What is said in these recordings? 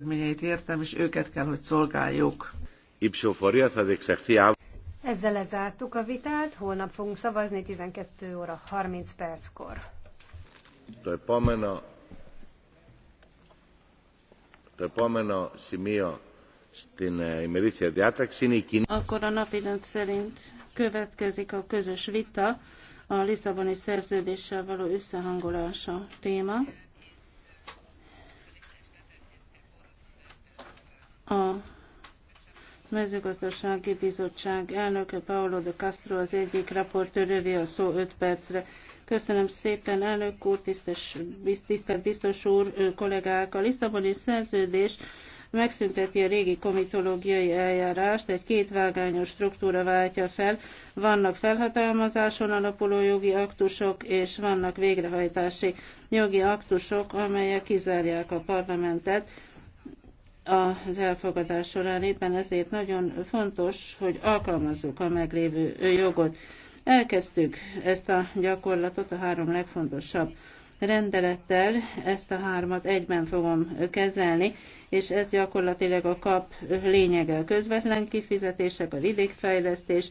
eredményeit értem, és őket kell, hogy szolgáljuk. Ezzel lezártuk a vitát, holnap fogunk szavazni 12 óra 30 perckor. Το επόμενο, σημείο στην ημερήσια διάταξη είναι η κοινή... Akkor a rend szerint következik a közös vita a Lisszaboni szerződéssel való összehangolása téma. A mezőgazdasági bizottság elnöke Paolo de Castro az egyik rövi a szó 5 percre. Köszönöm szépen, elnök úr, tisztes, tisztelt biztos úr, kollégák! A Lisszaboni szerződés megszünteti a régi komitológiai eljárást, egy kétvágányos struktúra váltja fel, vannak felhatalmazáson alapuló jogi aktusok, és vannak végrehajtási jogi aktusok, amelyek kizárják a parlamentet az elfogadás során éppen ezért nagyon fontos, hogy alkalmazzuk a meglévő jogot. Elkezdtük ezt a gyakorlatot a három legfontosabb rendelettel, ezt a hármat egyben fogom kezelni, és ez gyakorlatilag a kap lényege a közvetlen kifizetések, a vidékfejlesztés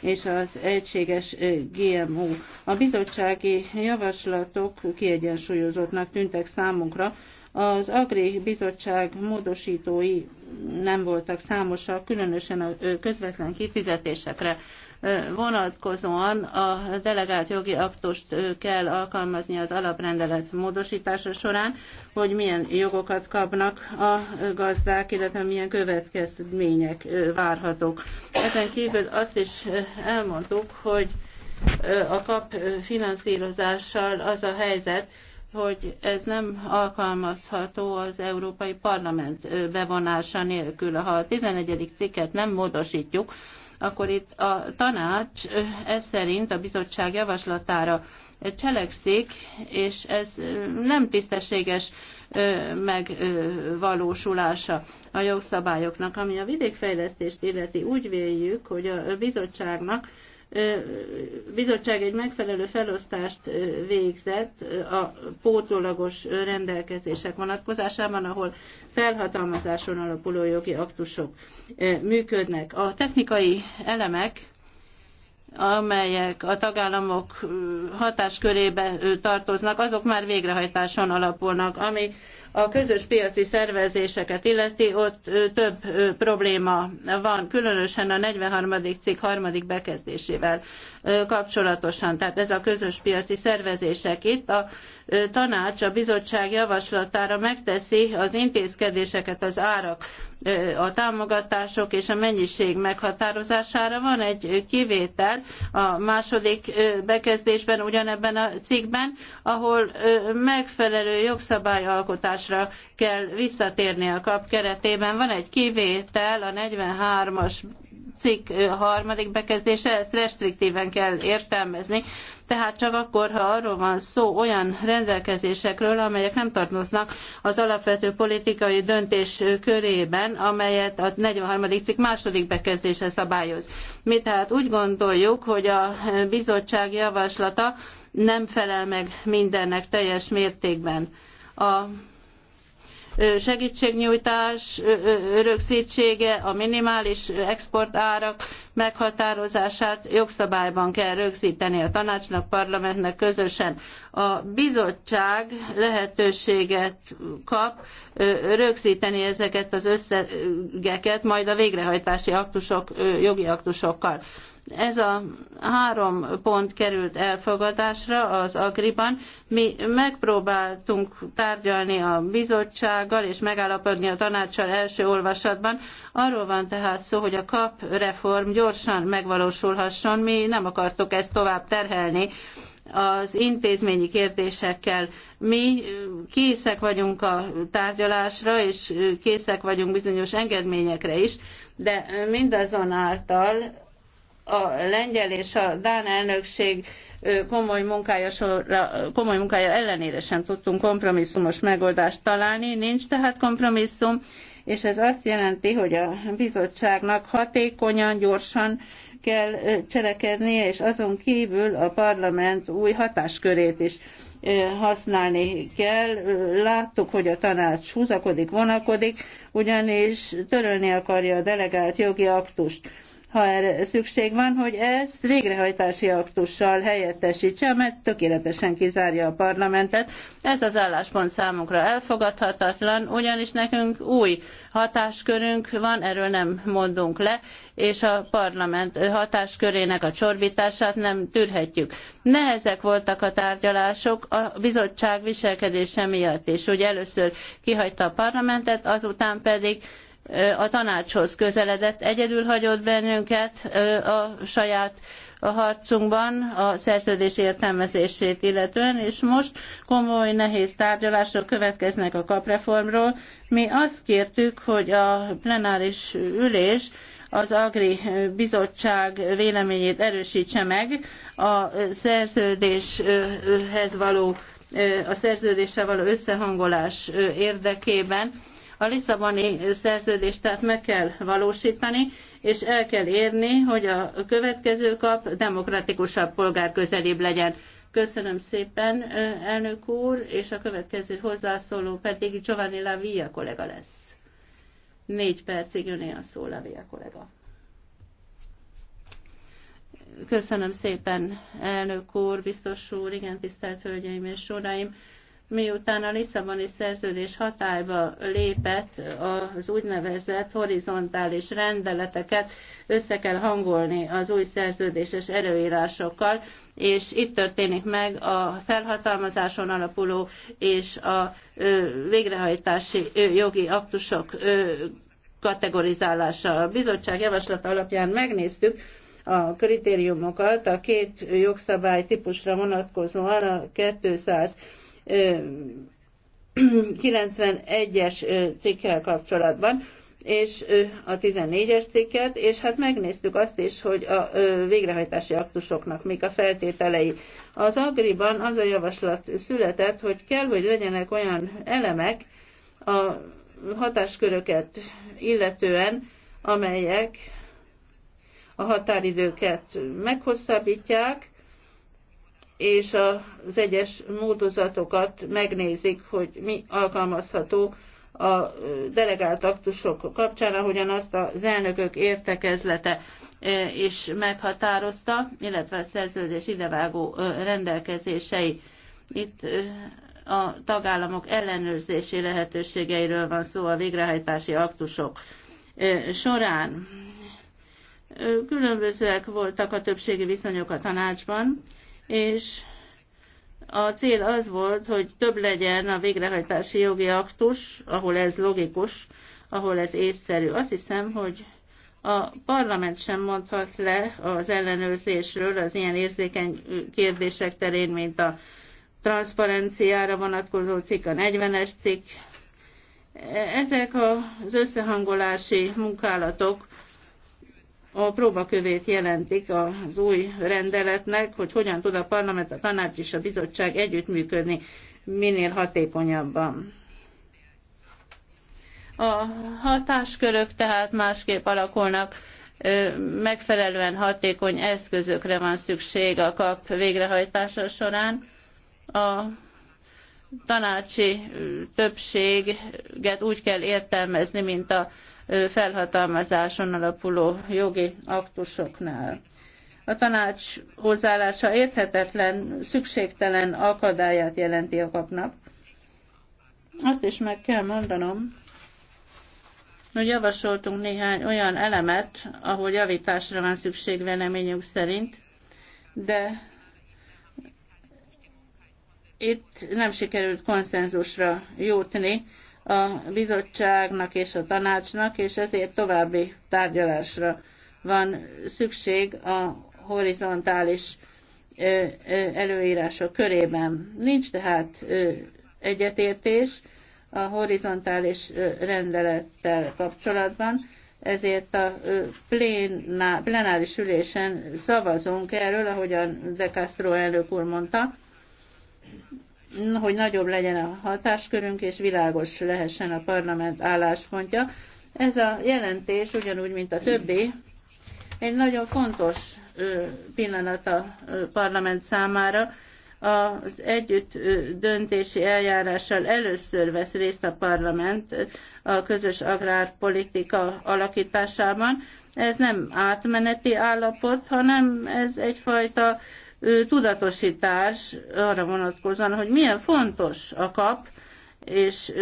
és az egységes GMO. A bizottsági javaslatok kiegyensúlyozottnak tűntek számunkra, az Agri Bizottság módosítói nem voltak számosak, különösen a közvetlen kifizetésekre vonatkozóan a delegált jogi aktust kell alkalmazni az alaprendelet módosítása során, hogy milyen jogokat kapnak a gazdák, illetve milyen következmények várhatók. Ezen kívül azt is elmondtuk, hogy a kap finanszírozással az a helyzet, hogy ez nem alkalmazható az Európai Parlament bevonása nélkül. Ha a 11. cikket nem módosítjuk, akkor itt a tanács ez szerint a bizottság javaslatára cselekszik, és ez nem tisztességes megvalósulása a jogszabályoknak. Ami a vidékfejlesztést illeti, úgy véljük, hogy a bizottságnak bizottság egy megfelelő felosztást végzett a pótólagos rendelkezések vonatkozásában, ahol felhatalmazáson alapuló jogi aktusok működnek. A technikai elemek amelyek a tagállamok hatáskörébe tartoznak, azok már végrehajtáson alapulnak, ami a közös piaci szervezéseket illeti, ott több probléma van, különösen a 43. cikk harmadik bekezdésével kapcsolatosan. Tehát ez a közös piaci szervezések itt a tanács a bizottság javaslatára megteszi az intézkedéseket az árak, a támogatások és a mennyiség meghatározására. Van egy kivétel a második bekezdésben, ugyanebben a cikkben, ahol megfelelő jogszabályalkotásra kell visszatérni a kap keretében. Van egy kivétel a 43-as cikk harmadik bekezdése, ezt restriktíven kell értelmezni, tehát csak akkor, ha arról van szó olyan rendelkezésekről, amelyek nem tartoznak az alapvető politikai döntés körében, amelyet a 43. cikk második bekezdése szabályoz. Mi tehát úgy gondoljuk, hogy a bizottság javaslata nem felel meg mindennek teljes mértékben. A segítségnyújtás rögzítsége, a minimális exportárak meghatározását jogszabályban kell rögzíteni a tanácsnak, parlamentnek közösen. A bizottság lehetőséget kap rögzíteni ezeket az összegeket, majd a végrehajtási aktusok, jogi aktusokkal. Ez a három pont került elfogadásra az Agriban. Mi megpróbáltunk tárgyalni a bizottsággal és megállapodni a tanácssal első olvasatban. Arról van tehát szó, hogy a kap reform gyorsan megvalósulhasson. Mi nem akartuk ezt tovább terhelni az intézményi kérdésekkel. Mi készek vagyunk a tárgyalásra, és készek vagyunk bizonyos engedményekre is, de mindazonáltal a lengyel és a dán elnökség komoly munkája, sorra, komoly munkája ellenére sem tudtunk kompromisszumos megoldást találni, nincs tehát kompromisszum, és ez azt jelenti, hogy a bizottságnak hatékonyan, gyorsan kell cselekednie, és azon kívül a parlament új hatáskörét is használni kell. Láttuk, hogy a tanács húzakodik, vonakodik, ugyanis törölni akarja a delegált jogi aktust ha erre szükség van, hogy ezt végrehajtási aktussal helyettesítse, mert tökéletesen kizárja a parlamentet. Ez az álláspont számunkra elfogadhatatlan, ugyanis nekünk új hatáskörünk van, erről nem mondunk le, és a parlament hatáskörének a csorbítását nem tűrhetjük. Nehezek voltak a tárgyalások a bizottság viselkedése miatt is, hogy először kihagyta a parlamentet, azután pedig a tanácshoz közeledett, egyedül hagyott bennünket a saját a harcunkban a szerződés értelmezését illetően, és most komoly, nehéz tárgyalások következnek a kapreformról. Mi azt kértük, hogy a plenáris ülés az Agri Bizottság véleményét erősítse meg a szerződéshez való a szerződéssel való összehangolás érdekében a Lisszaboni szerződést tehát meg kell valósítani, és el kell érni, hogy a következő kap demokratikusabb, polgárközelibb legyen. Köszönöm szépen, elnök úr, és a következő hozzászóló pedig Giovanni Lavia kollega lesz. Négy percig jön a szó, Lavia kollega. Köszönöm szépen, elnök úr, biztos úr, igen, tisztelt hölgyeim és uraim miután a Lisszaboni szerződés hatályba lépett, az úgynevezett horizontális rendeleteket össze kell hangolni az új szerződéses előírásokkal, és itt történik meg a felhatalmazáson alapuló és a végrehajtási jogi aktusok kategorizálása. A bizottság javaslata alapján megnéztük, a kritériumokat a két jogszabály típusra vonatkozóan a 200 91-es cikkel kapcsolatban, és a 14-es cikket, és hát megnéztük azt is, hogy a végrehajtási aktusoknak mik a feltételei. Az Agriban az a javaslat született, hogy kell, hogy legyenek olyan elemek a hatásköröket illetően, amelyek a határidőket meghosszabbítják, és az egyes módozatokat megnézik, hogy mi alkalmazható a delegált aktusok kapcsán, ahogyan azt az elnökök értekezlete e, is meghatározta, illetve a szerződés idevágó e, rendelkezései. Itt e, a tagállamok ellenőrzési lehetőségeiről van szó a végrehajtási aktusok során. Különbözőek voltak a többségi viszonyok a tanácsban, és a cél az volt, hogy több legyen a végrehajtási jogi aktus, ahol ez logikus, ahol ez észszerű. Azt hiszem, hogy a parlament sem mondhat le az ellenőrzésről az ilyen érzékeny kérdések terén, mint a transzparenciára vonatkozó cikk, a 40-es cikk. E-, ezek az összehangolási munkálatok a próbakövét jelentik az új rendeletnek, hogy hogyan tud a parlament, a tanács és a bizottság együttműködni minél hatékonyabban. A hatáskörök tehát másképp alakulnak, megfelelően hatékony eszközökre van szükség a kap végrehajtása során. A tanácsi többséget úgy kell értelmezni, mint a felhatalmazáson alapuló jogi aktusoknál. A tanács hozzáállása érthetetlen, szükségtelen akadályát jelenti a kapnak. Azt is meg kell mondanom, hogy javasoltunk néhány olyan elemet, ahol javításra van szükség véleményünk szerint, de itt nem sikerült konszenzusra jutni, a bizottságnak és a tanácsnak, és ezért további tárgyalásra van szükség a horizontális előírások körében. Nincs tehát egyetértés a horizontális rendelettel kapcsolatban, ezért a Plená plenáris ülésen szavazunk erről, ahogyan De Castro elnök úr mondta, hogy nagyobb legyen a hatáskörünk, és világos lehessen a parlament álláspontja. Ez a jelentés, ugyanúgy, mint a többi, egy nagyon fontos pillanat a parlament számára. Az együtt döntési eljárással először vesz részt a parlament a közös agrárpolitika alakításában. Ez nem átmeneti állapot, hanem ez egyfajta tudatosítás arra vonatkozóan, hogy milyen fontos a kap, és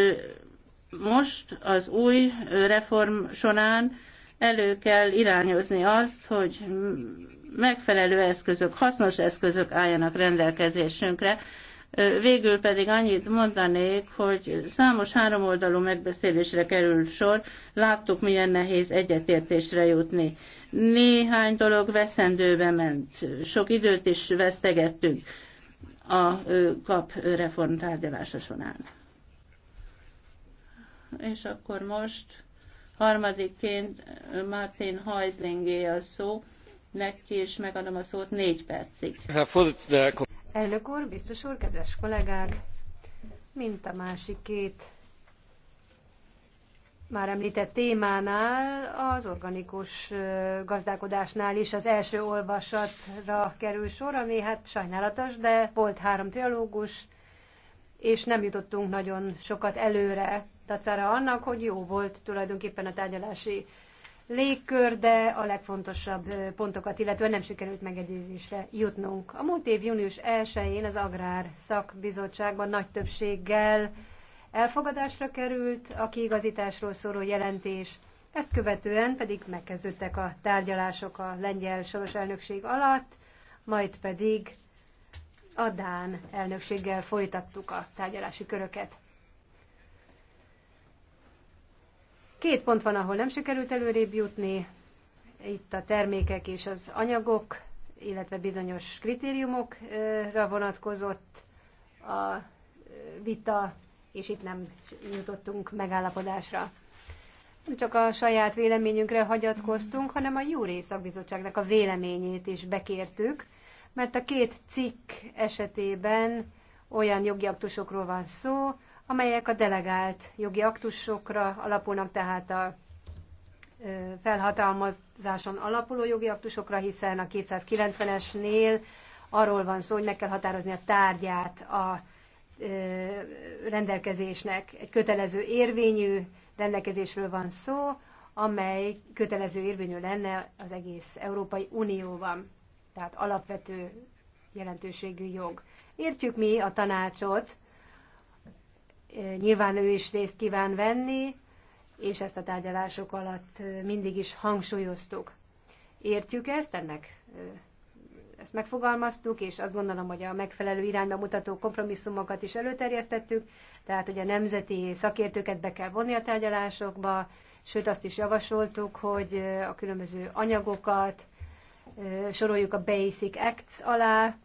most az új reform során elő kell irányozni azt, hogy megfelelő eszközök, hasznos eszközök álljanak rendelkezésünkre, Végül pedig annyit mondanék, hogy számos háromoldalú megbeszélésre került sor, láttuk, milyen nehéz egyetértésre jutni. Néhány dolog veszendőbe ment, sok időt is vesztegettünk a kap reform tárgyalása során. És akkor most harmadikként Martin Heislingé a szó, neki is megadom a szót négy percig. Herr Elnök úr, biztos úr, kedves kollégák! Mint a másik két már említett témánál, az organikus gazdálkodásnál is az első olvasatra kerül sor, ami hát sajnálatos, de volt három trialógus, és nem jutottunk nagyon sokat előre, tacára annak, hogy jó volt tulajdonképpen a tárgyalási légkör, de a legfontosabb pontokat, illetve nem sikerült megegyezésre jutnunk. A múlt év június 1-én az Agrár Szakbizottságban nagy többséggel elfogadásra került a kiigazításról szóló jelentés, ezt követően pedig megkezdődtek a tárgyalások a lengyel soros elnökség alatt, majd pedig a Dán elnökséggel folytattuk a tárgyalási köröket. Két pont van, ahol nem sikerült előrébb jutni, itt a termékek és az anyagok, illetve bizonyos kritériumokra vonatkozott a vita, és itt nem jutottunk megállapodásra. Nem csak a saját véleményünkre hagyatkoztunk, hanem a jó részakbizottságnak a véleményét is bekértük, mert a két cikk esetében olyan jogi aktusokról van szó, amelyek a delegált jogi aktusokra alapulnak, tehát a felhatalmazáson alapuló jogi aktusokra, hiszen a 290-esnél arról van szó, hogy meg kell határozni a tárgyát a rendelkezésnek. Egy kötelező érvényű rendelkezésről van szó, amely kötelező érvényű lenne az egész Európai Unióban. Tehát alapvető jelentőségű jog. Értjük mi a tanácsot, Nyilván ő is részt kíván venni, és ezt a tárgyalások alatt mindig is hangsúlyoztuk. Értjük ezt, ennek ezt megfogalmaztuk, és azt gondolom, hogy a megfelelő irányba mutató kompromisszumokat is előterjesztettük, tehát hogy a nemzeti szakértőket be kell vonni a tárgyalásokba, sőt azt is javasoltuk, hogy a különböző anyagokat soroljuk a Basic Acts alá,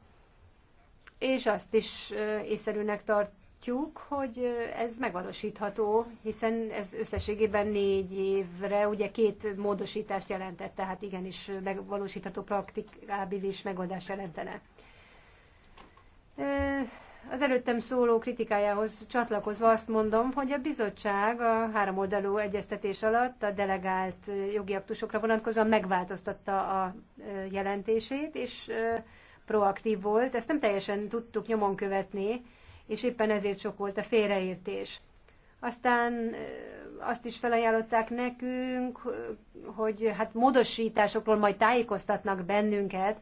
és azt is észszerűnek tart, látjuk, hogy ez megvalósítható, hiszen ez összességében négy évre, ugye két módosítást jelentett, tehát igenis megvalósítható, praktikábilis megoldást jelentene. Az előttem szóló kritikájához csatlakozva azt mondom, hogy a bizottság a háromoldalú egyeztetés alatt a delegált jogi aktusokra vonatkozóan megváltoztatta a jelentését, és proaktív volt. Ezt nem teljesen tudtuk nyomon követni, és éppen ezért sok volt a félreértés. Aztán azt is felajánlották nekünk, hogy hát módosításokról majd tájékoztatnak bennünket.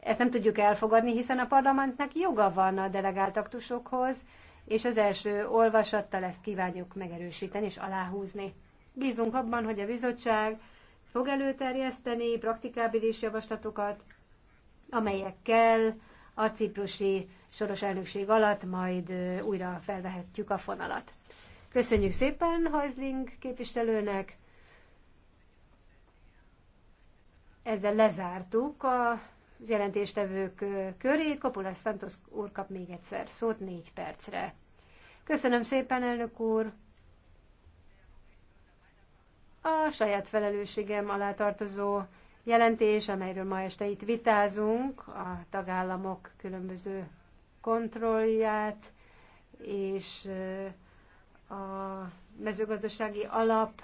Ezt nem tudjuk elfogadni, hiszen a parlamentnek joga van a delegált aktusokhoz, és az első olvasattal ezt kívánjuk megerősíteni és aláhúzni. Bízunk abban, hogy a bizottság fog előterjeszteni praktikábilis javaslatokat, amelyekkel a ciprusi soros elnökség alatt majd újra felvehetjük a fonalat. Köszönjük szépen Hajzling képviselőnek. Ezzel lezártuk a jelentéstevők körét. Kopulás Santos úr kap még egyszer szót négy percre. Köszönöm szépen, elnök úr! A saját felelősségem alá tartozó jelentés, amelyről ma este itt vitázunk, a tagállamok különböző kontrollját és a mezőgazdasági alap,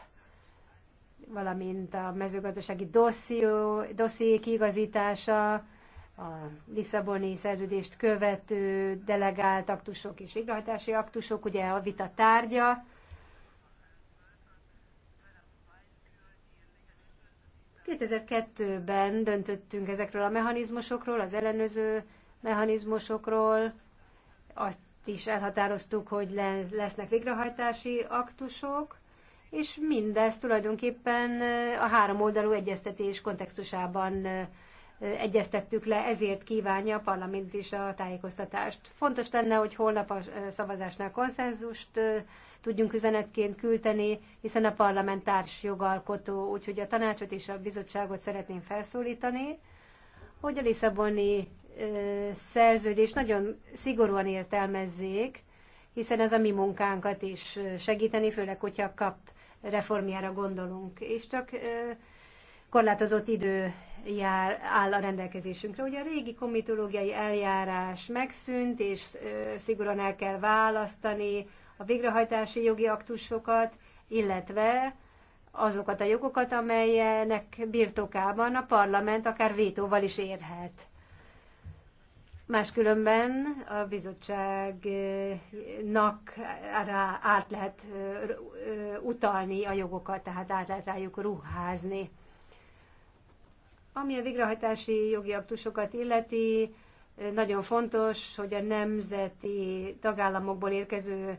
valamint a mezőgazdasági dosszió, dosszié kiigazítása, a Lisszaboni szerződést követő delegált aktusok és végrehajtási aktusok, ugye a vita tárgya, 2002-ben döntöttünk ezekről a mechanizmusokról, az ellenőző mechanizmusokról, azt is elhatároztuk, hogy lesznek végrehajtási aktusok, és mindez tulajdonképpen eh, a három oldalú egyeztetés kontextusában eh, egyeztettük le, ezért kívánja a parlament is a tájékoztatást. Fontos lenne, hogy holnap a eh, szavazásnál konszenzust tudjunk üzenetként küldeni, hiszen a parlamentárs jogalkotó, úgyhogy a tanácsot és a bizottságot szeretném felszólítani, hogy a Lisszaboni szerződés nagyon szigorúan értelmezzék, hiszen ez a mi munkánkat is segíteni, főleg, hogyha kap reformjára gondolunk, és csak korlátozott idő jár, áll a rendelkezésünkre. Ugye a régi komitológiai eljárás megszűnt, és szigorúan el kell választani végrehajtási jogi aktusokat, illetve azokat a jogokat, amelyenek birtokában a parlament akár vétóval is érhet. Máskülönben a bizottságnak rá át lehet utalni a jogokat, tehát át lehet rájuk ruházni. Ami a végrehajtási jogi aktusokat illeti, nagyon fontos, hogy a nemzeti tagállamokból érkező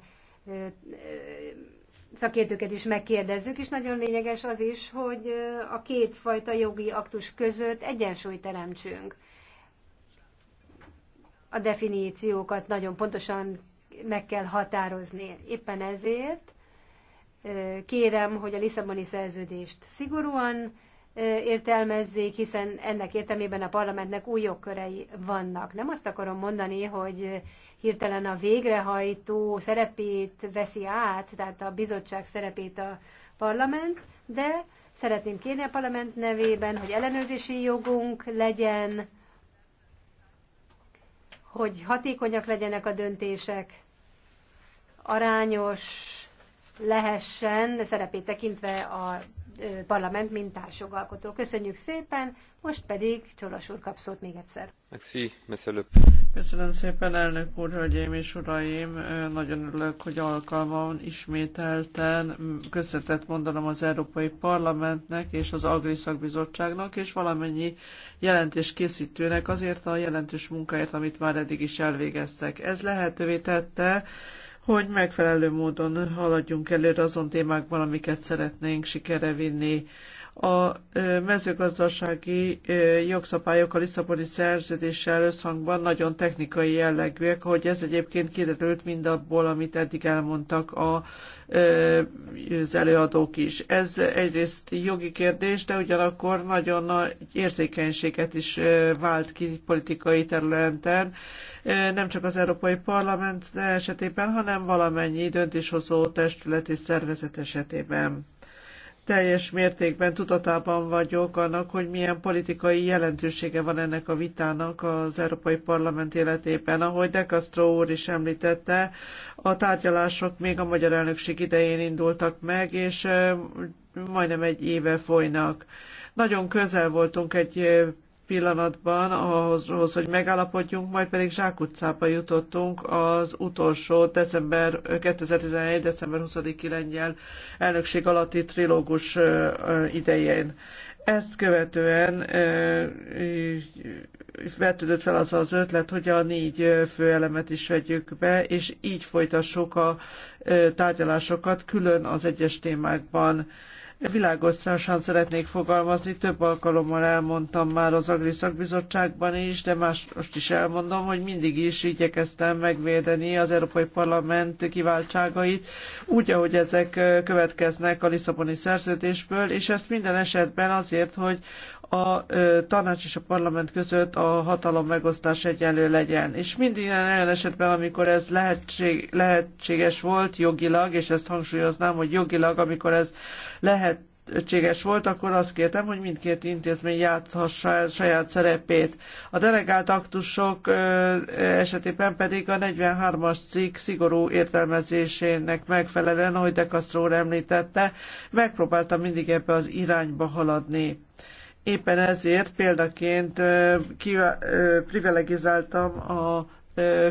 szakértőket is megkérdezzük, és nagyon lényeges az is, hogy a két fajta jogi aktus között egyensúly teremtsünk. A definíciókat nagyon pontosan meg kell határozni. Éppen ezért kérem, hogy a Lisszaboni szerződést szigorúan értelmezzék, hiszen ennek értelmében a parlamentnek új jogkörei vannak. Nem azt akarom mondani, hogy hirtelen a végrehajtó szerepét veszi át, tehát a bizottság szerepét a parlament, de szeretném kérni a parlament nevében, hogy ellenőrzési jogunk legyen, hogy hatékonyak legyenek a döntések, arányos lehessen, szerepét tekintve a parlament, mint társjogalkotó. Köszönjük szépen, most pedig Csolos úr kap szót még egyszer. Köszönöm szépen, elnök úr, hölgyeim és uraim. Nagyon örülök, hogy alkalmam ismételten. Köszönetet mondanom az Európai Parlamentnek és az Agriszak bizottságnak és valamennyi jelentés készítőnek azért a jelentős munkáért, amit már eddig is elvégeztek. Ez lehetővé tette, hogy megfelelő módon haladjunk előre azon témákban, amiket szeretnénk sikere vinni a mezőgazdasági jogszabályok a Lisszaboni szerződéssel összhangban nagyon technikai jellegűek, hogy ez egyébként kiderült mindabból, amit eddig elmondtak a, az előadók is. Ez egyrészt jogi kérdés, de ugyanakkor nagyon nagy érzékenységet is vált ki politikai területen, nem csak az Európai Parlament esetében, hanem valamennyi döntéshozó testület és szervezet esetében teljes mértékben tudatában vagyok annak, hogy milyen politikai jelentősége van ennek a vitának az Európai Parlament életében. Ahogy De Castro úr is említette, a tárgyalások még a magyar elnökség idején indultak meg, és majdnem egy éve folynak. Nagyon közel voltunk egy pillanatban ahhoz, hogy megállapodjunk, majd pedig zsákutcába jutottunk az utolsó december 2011. december 20-i lengyel elnökség alatti trilógus idején. Ezt követően vetődött fel az az ötlet, hogy a négy főelemet is vegyük be, és így folytassuk a tárgyalásokat külön az egyes témákban Világosan szeretnék fogalmazni, több alkalommal elmondtam már az Agri Szakbizottságban is, de más most is elmondom, hogy mindig is igyekeztem megvédeni az Európai Parlament kiváltságait, úgy, ahogy ezek következnek a Lisszaboni szerződésből, és ezt minden esetben azért, hogy a tanács és a parlament között a hatalom megosztás egyenlő legyen. És mindig olyan esetben, amikor ez lehetség, lehetséges volt jogilag, és ezt hangsúlyoznám, hogy jogilag, amikor ez lehet lehetséges volt, akkor azt kértem, hogy mindkét intézmény játszhassa el saját szerepét. A delegált aktusok esetében pedig a 43-as cikk szigorú értelmezésének megfelelően, ahogy De Castro említette, megpróbáltam mindig ebbe az irányba haladni. Éppen ezért példaként privilegizáltam a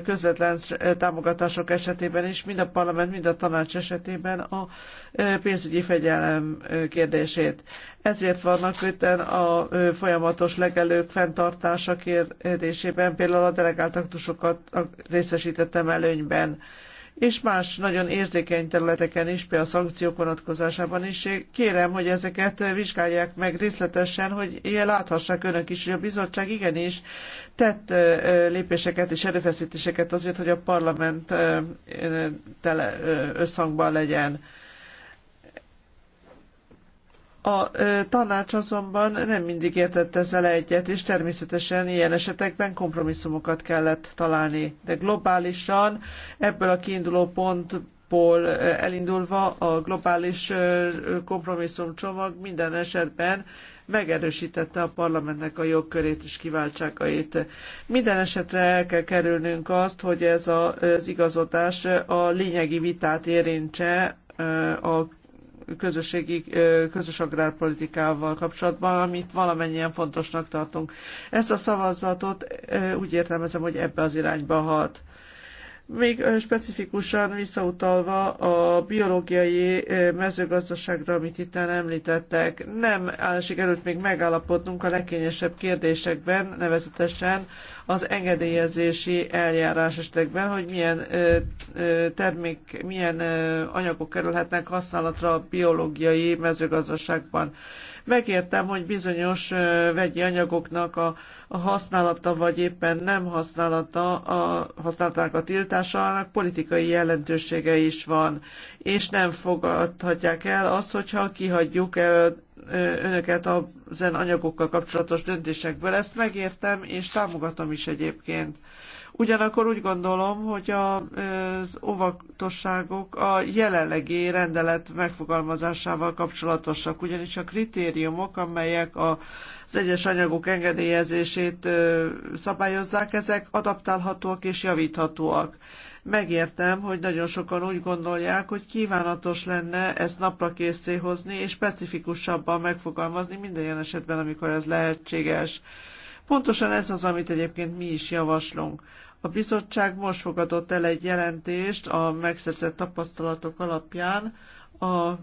közvetlen támogatások esetében is, mind a parlament, mind a tanács esetében a pénzügyi fegyelem kérdését. Ezért vannak itt a folyamatos legelők fenntartása kérdésében, például a delegáltaktusokat részesítettem előnyben és más nagyon érzékeny területeken is, például a szankciók vonatkozásában is. Kérem, hogy ezeket vizsgálják meg részletesen, hogy láthassák önök is, hogy a bizottság igenis tett lépéseket és erőfeszítéseket azért, hogy a parlament tele összhangban legyen. A tanács azonban nem mindig értett ezzel egyet, és természetesen ilyen esetekben kompromisszumokat kellett találni. De globálisan ebből a kiinduló pontból elindulva a globális kompromisszumcsomag minden esetben megerősítette a parlamentnek a jogkörét és kiváltságait. Minden esetre el kell kerülnünk azt, hogy ez az igazodás a lényegi vitát érintse a közösségi, közös agrárpolitikával kapcsolatban, amit valamennyien fontosnak tartunk. Ezt a szavazatot úgy értelmezem, hogy ebbe az irányba hat. Még specifikusan visszautalva a biológiai mezőgazdaságra, amit itt említettek, nem sikerült még megállapodnunk a legkényesebb kérdésekben, nevezetesen az engedélyezési eljárás esetekben, hogy milyen termék, milyen anyagok kerülhetnek használatra a biológiai mezőgazdaságban. Megértem, hogy bizonyos vegyi anyagoknak a, használata vagy éppen nem használata, a használatának a tiltásának politikai jelentősége is van, és nem fogadhatják el azt, hogyha kihagyjuk önöket ezen anyagokkal kapcsolatos döntésekből. Ezt megértem, és támogatom is egyébként. Ugyanakkor úgy gondolom, hogy az óvatosságok a jelenlegi rendelet megfogalmazásával kapcsolatosak, ugyanis a kritériumok, amelyek az egyes anyagok engedélyezését szabályozzák, ezek adaptálhatóak és javíthatóak. Megértem, hogy nagyon sokan úgy gondolják, hogy kívánatos lenne ezt napra hozni, és specifikusabban megfogalmazni minden ilyen esetben, amikor ez lehetséges. Pontosan ez az, amit egyébként mi is javaslunk. A bizottság most fogadott el egy jelentést a megszerzett tapasztalatok alapján a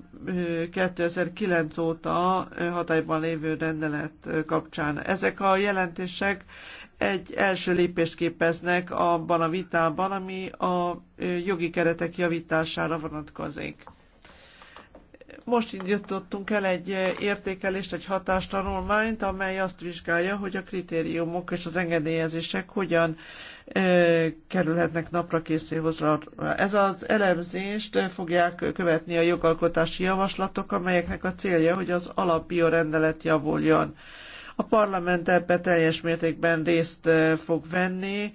2009 óta hatályban lévő rendelet kapcsán. Ezek a jelentések egy első lépést képeznek abban a vitában, ami a jogi keretek javítására vonatkozik. Most indítottunk el egy értékelést, egy hatástanulmányt, amely azt vizsgálja, hogy a kritériumok és az engedélyezések hogyan e, kerülhetnek napra készülhozra. Ez az elemzést fogják követni a jogalkotási javaslatok, amelyeknek a célja, hogy az alapbiorendelet javuljon. A parlament ebbe teljes mértékben részt fog venni,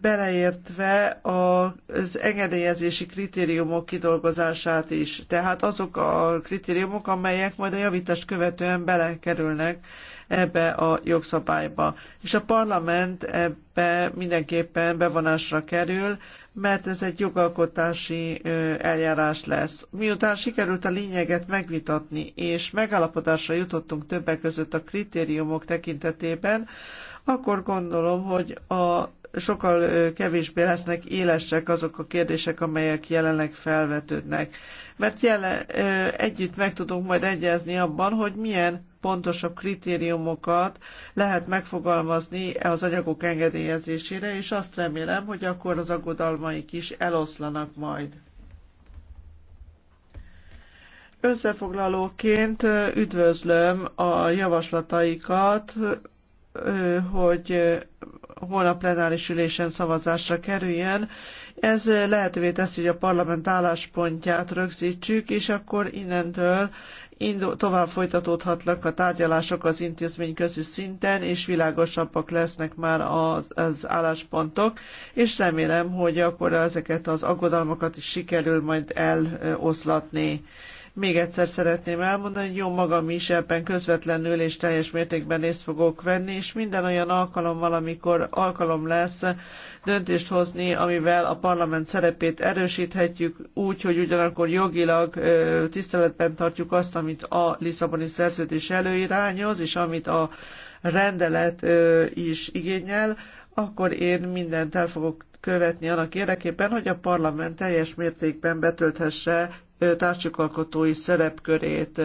beleértve az engedélyezési kritériumok kidolgozását is. Tehát azok a kritériumok, amelyek majd a javítást követően belekerülnek ebbe a jogszabályba. És a parlament ebbe mindenképpen bevonásra kerül, mert ez egy jogalkotási eljárás lesz. Miután sikerült a lényeget megvitatni, és megállapodásra jutottunk többek között a kritériumok tekintetében, akkor gondolom, hogy a sokkal kevésbé lesznek élesek azok a kérdések, amelyek jelenleg felvetődnek mert jele, együtt meg tudunk majd egyezni abban, hogy milyen pontosabb kritériumokat lehet megfogalmazni az anyagok engedélyezésére, és azt remélem, hogy akkor az aggodalmaik is eloszlanak majd. Összefoglalóként üdvözlöm a javaslataikat, hogy holnap plenáris ülésen szavazásra kerüljen. Ez lehetővé teszi, hogy a parlament álláspontját rögzítsük, és akkor innentől tovább folytatódhatnak a tárgyalások az intézményközi szinten, és világosabbak lesznek már az, az álláspontok, és remélem, hogy akkor ezeket az aggodalmakat is sikerül majd eloszlatni. Még egyszer szeretném elmondani, hogy jó magam is ebben közvetlenül és teljes mértékben részt fogok venni, és minden olyan alkalommal, amikor alkalom lesz döntést hozni, amivel a parlament szerepét erősíthetjük, úgy, hogy ugyanakkor jogilag tiszteletben tartjuk azt, amit a Lisszaboni szerződés előirányoz, és amit a rendelet is igényel, akkor én mindent el fogok követni annak érdekében, hogy a parlament teljes mértékben betölthesse társjogalkotói szerepkörét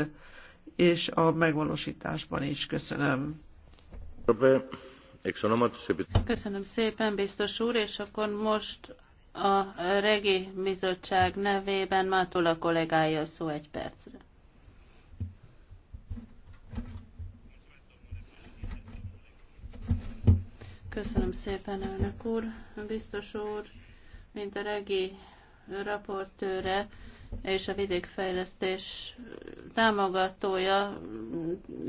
és a megvalósításban is. Köszönöm. Köszönöm szépen, biztos úr, és akkor most a Regi Bizottság nevében a kollégája szó egy percre. Köszönöm szépen, elnök úr, biztos úr, mint a Regi raportőre, és a vidékfejlesztés támogatója,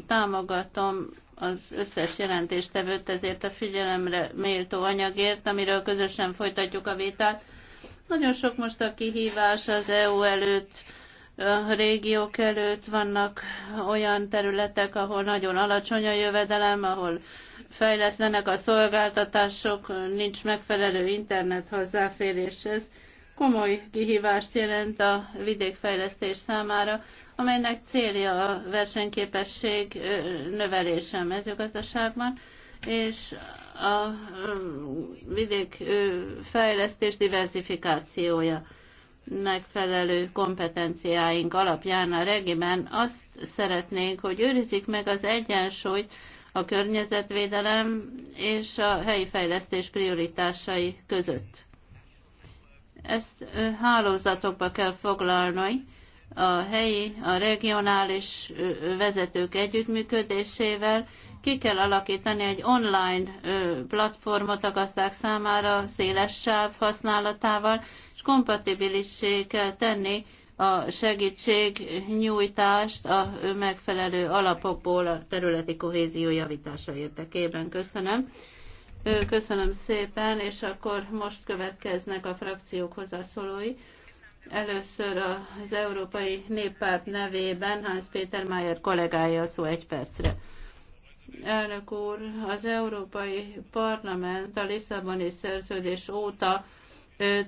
támogatom az összes jelentéstevőt ezért a figyelemre méltó anyagért, amiről közösen folytatjuk a vitát. Nagyon sok most a kihívás az EU előtt, a régiók előtt vannak olyan területek, ahol nagyon alacsony a jövedelem, ahol fejletlenek a szolgáltatások, nincs megfelelő internet hozzáféréshez komoly kihívást jelent a vidékfejlesztés számára, amelynek célja a versenyképesség növelése a mezőgazdaságban, és a vidékfejlesztés diversifikációja megfelelő kompetenciáink alapján a regiben azt szeretnénk, hogy őrizik meg az egyensúlyt a környezetvédelem és a helyi fejlesztés prioritásai között. Ezt hálózatokba kell foglalni a helyi, a regionális vezetők együttműködésével. Ki kell alakítani egy online platformot a gazdák számára széles sáv használatával, és kompatibilissé kell tenni a segítségnyújtást a megfelelő alapokból a területi kohézió javítása érdekében. Köszönöm. Köszönöm szépen, és akkor most következnek a frakciók hozzászólói. Először az Európai Néppárt nevében Hans Péter Mayer kollégája szó egy percre. Elnök úr, az Európai Parlament a Lisszaboni szerződés óta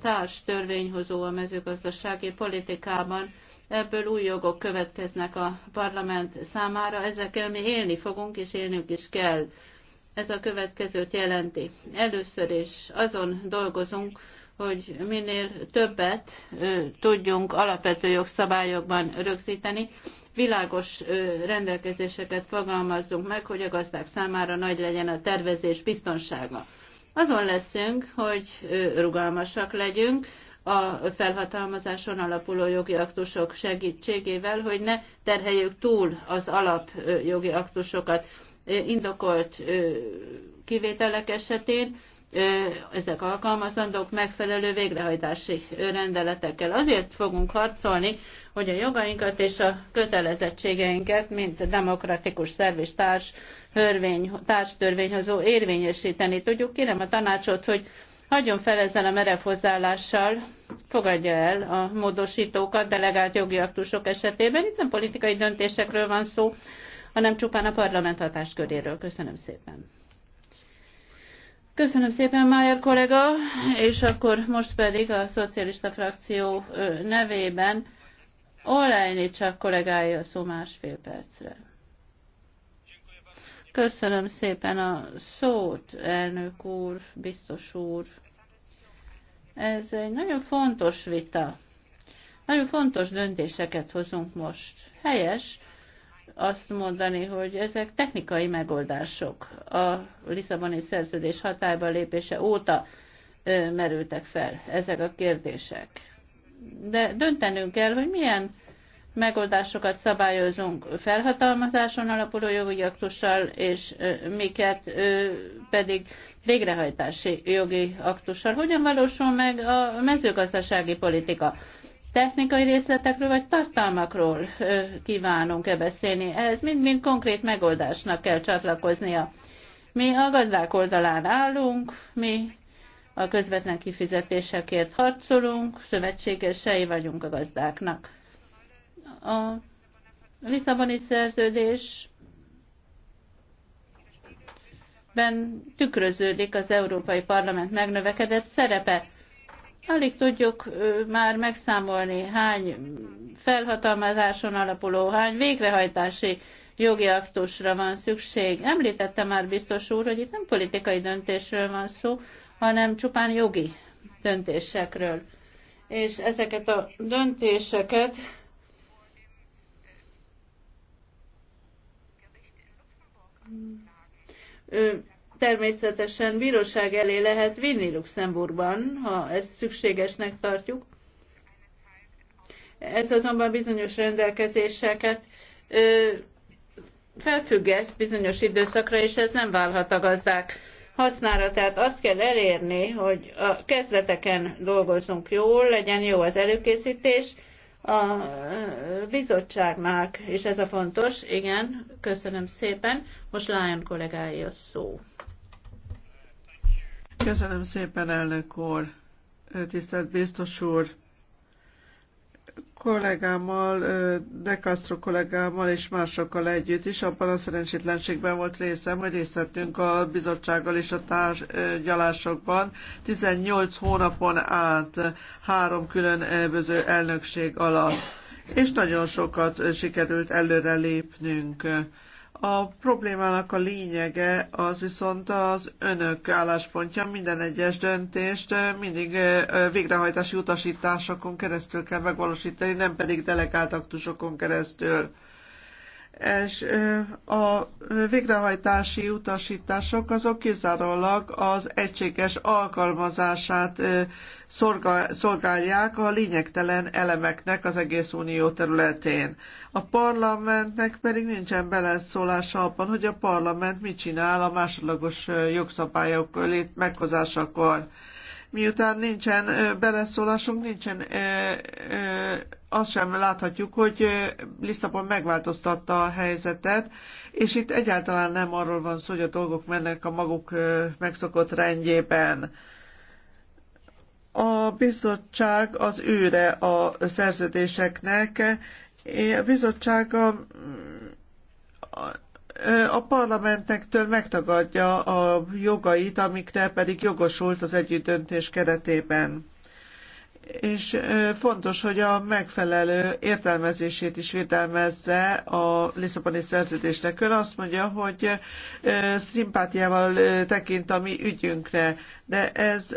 társ törvényhozó a mezőgazdasági politikában. Ebből új jogok következnek a parlament számára, ezekkel mi élni fogunk, és élnünk is kell ez a következőt jelenti. Először is azon dolgozunk, hogy minél többet tudjunk alapvető jogszabályokban rögzíteni, világos rendelkezéseket fogalmazzunk meg, hogy a gazdák számára nagy legyen a tervezés biztonsága. Azon leszünk, hogy rugalmasak legyünk a felhatalmazáson alapuló jogi aktusok segítségével, hogy ne terheljük túl az alapjogi aktusokat indokolt kivételek esetén ezek alkalmazandók megfelelő végrehajtási rendeletekkel. Azért fogunk harcolni, hogy a jogainkat és a kötelezettségeinket, mint demokratikus szerv és társ, hörvény, társ törvényhozó érvényesíteni tudjuk. Kérem a tanácsot, hogy hagyjon fel ezzel a merev hozzáállással, fogadja el a módosítókat delegált jogi aktusok esetében. Itt nem politikai döntésekről van szó, hanem csupán a parlament hatásköréről. Köszönöm szépen. Köszönöm szépen, Májer kollega, és akkor most pedig a szocialista frakció nevében Olejni csak kollégája a szó másfél percre. Köszönöm szépen a szót, elnök úr, biztos úr. Ez egy nagyon fontos vita. Nagyon fontos döntéseket hozunk most. Helyes, azt mondani, hogy ezek technikai megoldások a Lisszaboni szerződés hatályba lépése óta merültek fel ezek a kérdések. De döntenünk kell, hogy milyen megoldásokat szabályozunk felhatalmazáson alapuló jogi aktussal, és miket pedig végrehajtási jogi aktussal. Hogyan valósul meg a mezőgazdasági politika? technikai részletekről vagy tartalmakról kívánunk-e beszélni. Ehhez mind-mind konkrét megoldásnak kell csatlakoznia. Mi a gazdák oldalán állunk, mi a közvetlen kifizetésekért harcolunk, szövetségesei vagyunk a gazdáknak. A Lisszaboni szerződés ben tükröződik az Európai Parlament megnövekedett szerepe. Alig tudjuk már megszámolni, hány felhatalmazáson alapuló, hány végrehajtási jogi aktusra van szükség. Említette már biztos úr, hogy itt nem politikai döntésről van szó, hanem csupán jogi döntésekről. És ezeket a döntéseket természetesen bíróság elé lehet vinni Luxemburgban, ha ezt szükségesnek tartjuk. Ez azonban bizonyos rendelkezéseket ö, felfüggeszt bizonyos időszakra, és ez nem válhat a gazdák hasznára. Tehát azt kell elérni, hogy a kezdeteken dolgozzunk jól, legyen jó az előkészítés a bizottságnak, és ez a fontos. Igen, köszönöm szépen. Most Lion kollégája szó. Köszönöm szépen, elnök úr, tisztelt biztos úr. Kollégámmal, De Castro kollégámmal és másokkal együtt is abban a szerencsétlenségben volt részem, hogy részt vettünk a bizottsággal és a tárgyalásokban 18 hónapon át három különböző elnökség alatt, és nagyon sokat sikerült előrelépnünk. lépnünk a problémának a lényege az viszont az önök álláspontja, minden egyes döntést eh, mindig eh, eh, végrehajtási utasításokon keresztül kell megvalósítani, nem pedig delegált aktusokon keresztül és a végrehajtási utasítások azok kizárólag az egységes alkalmazását szolgálják a lényegtelen elemeknek az egész unió területén. A parlamentnek pedig nincsen beleszólása abban, hogy a parlament mit csinál a másodlagos jogszabályok meghozásakor miután nincsen beleszólásunk, nincsen azt sem láthatjuk, hogy Lisszabon megváltoztatta a helyzetet, és itt egyáltalán nem arról van szó, hogy a dolgok mennek a maguk megszokott rendjében. A bizottság az őre a szerződéseknek, a bizottság a a parlamentektől megtagadja a jogait, amikre pedig jogosult az együttdöntés keretében. És fontos, hogy a megfelelő értelmezését is védelmezze a Lisszaboni szerződésnek. Ön azt mondja, hogy szimpátiával tekint a mi ügyünkre, de ez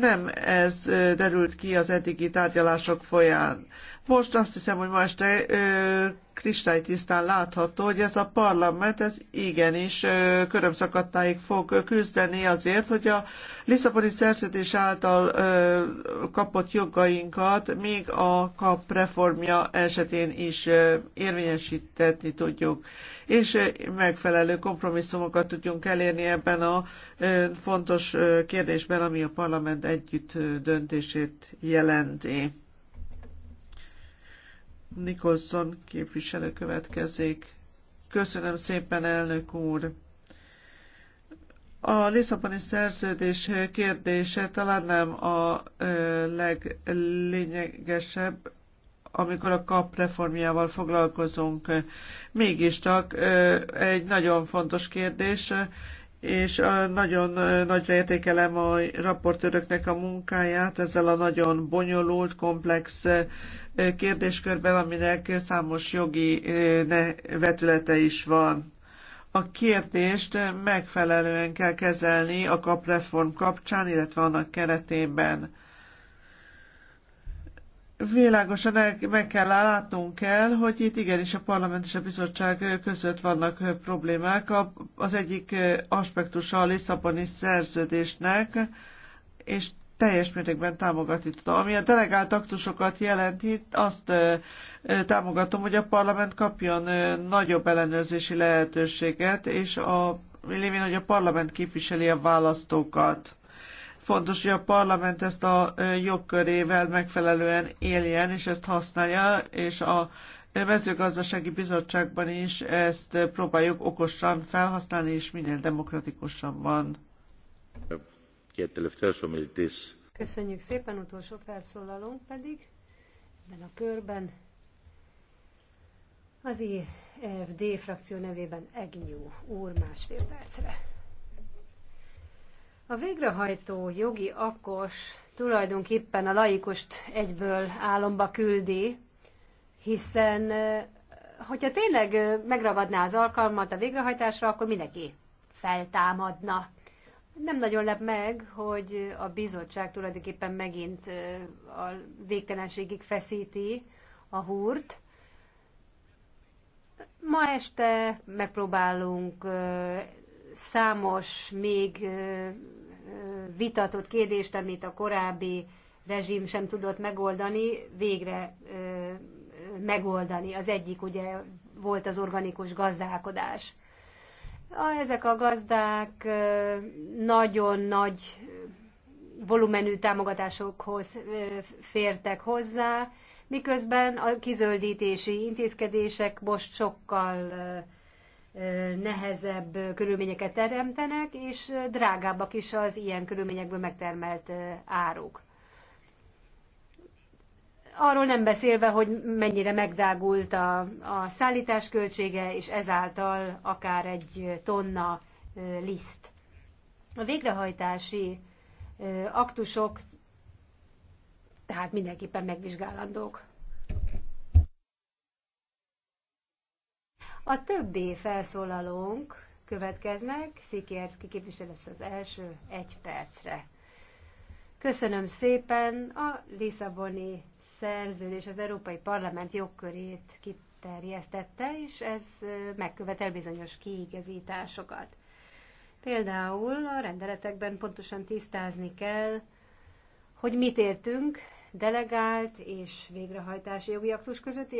nem ez derült ki az eddigi tárgyalások folyán most azt hiszem, hogy ma este ö, kristálytisztán látható, hogy ez a parlament ez igenis körömszakadtáig fog küzdeni azért, hogy a Lisszaboni szerződés által ö, kapott jogainkat még a kap reformja esetén is ö, érvényesíteni tudjuk, és megfelelő kompromisszumokat tudjunk elérni ebben a ö, fontos ö, kérdésben, ami a parlament együtt döntését jelenti. Nicholson képviselő következik. Köszönöm szépen, elnök úr! A Lisszaboni szerződés kérdése talán nem a leglényegesebb, amikor a KAP reformjával foglalkozunk. Mégiscsak egy nagyon fontos kérdés, és nagyon nagyra értékelem a raportőröknek a munkáját ezzel a nagyon bonyolult, komplex kérdéskörben, aminek számos jogi vetülete is van. A kérdést megfelelően kell kezelni a kapreform kapcsán, illetve annak keretében világosan el, meg kell látnunk kell, hogy itt igenis a parlament és a bizottság között vannak problémák. A, az egyik aspektusa a Lisszaboni szerződésnek, és teljes mértékben támogatni tudom. Ami a delegált aktusokat jelenti, azt támogatom, hogy a parlament kapjon nagyobb ellenőrzési lehetőséget, és a, lévén, hogy a parlament képviseli a választókat Fontos, hogy a parlament ezt a jogkörével megfelelően éljen, és ezt használja, és a mezőgazdasági bizottságban is ezt próbáljuk okosan felhasználni, és minél demokratikusabban. Köszönjük szépen, utolsó felszólalónk pedig ebben a körben az IFD frakció nevében Egnyú úr másfél percre. A végrehajtó jogi akos tulajdonképpen a laikust egyből álomba küldi, hiszen hogyha tényleg megragadná az alkalmat a végrehajtásra, akkor mindenki feltámadna. Nem nagyon lep meg, hogy a bizottság tulajdonképpen megint a végtelenségig feszíti a húrt. Ma este megpróbálunk számos még vitatott kérdést, amit a korábbi rezsim sem tudott megoldani, végre megoldani. Az egyik ugye volt az organikus gazdálkodás. Ezek a gazdák nagyon nagy volumenű támogatásokhoz fértek hozzá, miközben a kizöldítési intézkedések most sokkal nehezebb körülményeket teremtenek, és drágábbak is az ilyen körülményekből megtermelt áruk. Arról nem beszélve, hogy mennyire megdágult a, a szállítás költsége, és ezáltal akár egy tonna liszt. A végrehajtási aktusok tehát mindenképpen megvizsgálandók. A többi felszólalónk következnek, Szikierszki képviselő az első egy percre. Köszönöm szépen a Lisszaboni szerződés az Európai Parlament jogkörét kiterjesztette, és ez megkövetel bizonyos kiigazításokat. Például a rendeletekben pontosan tisztázni kell, hogy mit értünk delegált és végrehajtási jogi aktus között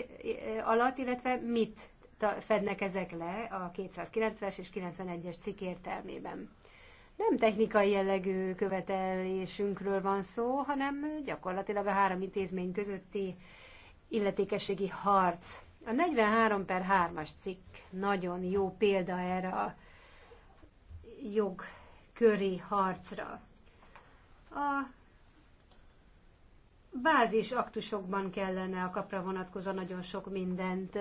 alatt, illetve mit fednek ezek le a 290-es és 91-es cikk értelmében. Nem technikai jellegű követelésünkről van szó, hanem gyakorlatilag a három intézmény közötti illetékességi harc. A 43 per 3-as cikk nagyon jó példa erre a jogköri harcra. A bázis aktusokban kellene a kapra vonatkozó nagyon sok mindent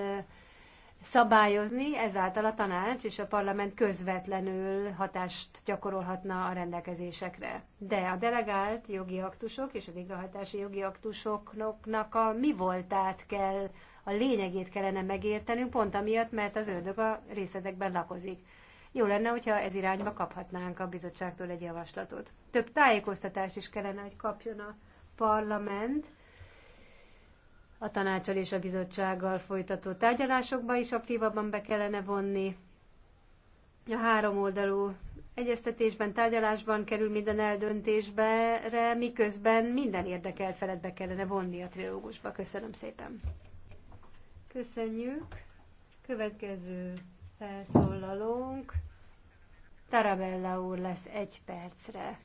szabályozni, ezáltal a tanács és a parlament közvetlenül hatást gyakorolhatna a rendelkezésekre. De a delegált jogi aktusok és a végrehajtási jogi aktusoknak a mi voltát kell, a lényegét kellene megértenünk, pont amiatt, mert az ördög a részletekben lakozik. Jó lenne, hogyha ez irányba kaphatnánk a bizottságtól egy javaslatot. Több tájékoztatást is kellene, hogy kapjon a parlament, a tanácsal és a bizottsággal folytató tárgyalásokba is aktívabban be kellene vonni. A három oldalú egyeztetésben, tárgyalásban kerül minden eldöntésbe, miközben minden érdekel felett be kellene vonni a trilógusba. Köszönöm szépen. Köszönjük. Következő felszólalónk. Tarabella úr lesz egy percre.